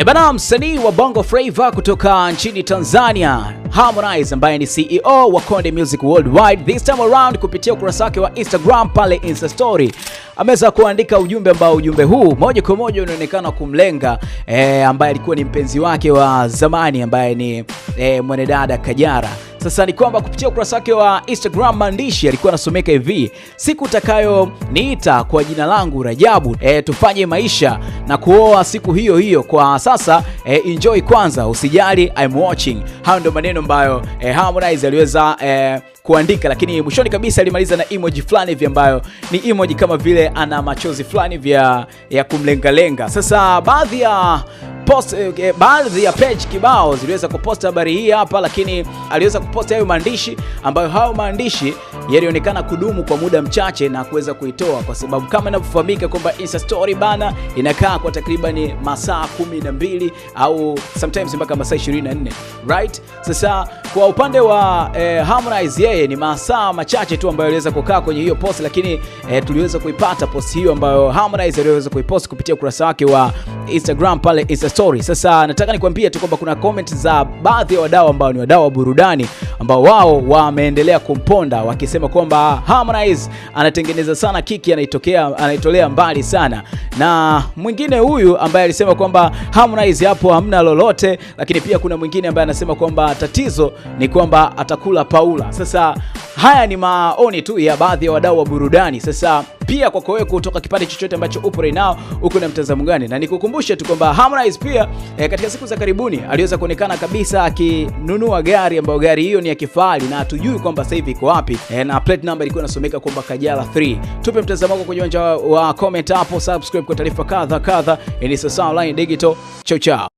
Ebana, eh, msanii wa Bongo Flava kutoka nchini Tanzania Harmonize ambaye ni CEO wa Konde Music Worldwide, this time around, kupitia ukurasa wake wa Instagram pale Insta story ameweza kuandika ujumbe ambao ujumbe huu moja kwa moja unaonekana kumlenga e, ambaye alikuwa ni mpenzi wake wa zamani ambaye ni e, mwanadada Kajala sasa ni kwamba kupitia ukurasa wake wa Instagram maandishi alikuwa anasomeka hivi: siku utakayoniita kwa jina langu Rajabu, e, tufanye maisha na kuoa siku hiyo hiyo. Kwa sasa e, enjoy kwanza, usijali I'm watching. Hayo ndio maneno ambayo e, Harmonize aliweza e, kuandika lakini mwishoni kabisa alimaliza na emoji fulani hivi ambayo ni emoji kama vile ana machozi fulani vya ya kumlengalenga. Sasa baadhi ya kupost eh, eh, baadhi ya page kibao ziliweza kupost habari hii hapa, lakini aliweza kupost hayo maandishi ambayo hayo maandishi yalionekana kudumu kwa muda mchache na kuweza kuitoa, kwa sababu kama inavyofahamika kwamba Insta story bana inakaa kwa takriban masaa mbili au sometimes mpaka masaa 24, right? Sasa kwa upande wa eh, Harmonize yeye ni masaa machache tu ambayo aliweza kukaa kwenye hiyo post, lakini eh, tuliweza kuipata post hiyo ambayo Harmonize aliweza kuipost kupitia ukurasa wake wa Instagram pale Insta story. Sasa nataka nikwambie tu kwamba kuna comment za baadhi ya wadau ambao ni wadau wa burudani ambao wao wameendelea kumponda wakisema kwamba Harmonize anatengeneza sana kiki, anaitokea anaitolea mbali sana, na mwingine huyu ambaye alisema kwamba Harmonize hapo hamna lolote, lakini pia kuna mwingine ambaye anasema kwamba tatizo ni kwamba atakula Paula. Sasa Haya ni maoni tu ya baadhi ya wadau wa burudani. Sasa pia kwako wewe kutoka kipande chochote ambacho upo right now, uko na mtazamo gani? Na nikukumbushe tu kwamba Harmonize pia eh, katika siku za karibuni aliweza kuonekana kabisa akinunua gari ambayo gari hiyo ni ya kifahari na hatujui kwamba sasa hivi iko wapi, eh, na plate number ilikuwa inasomeka kwamba Kajala 3. Tupe mtazamo wako kwenye uwanja wa comment hapo, subscribe kwa taarifa kadha kadha. Ni sasa online digital. Chao chao.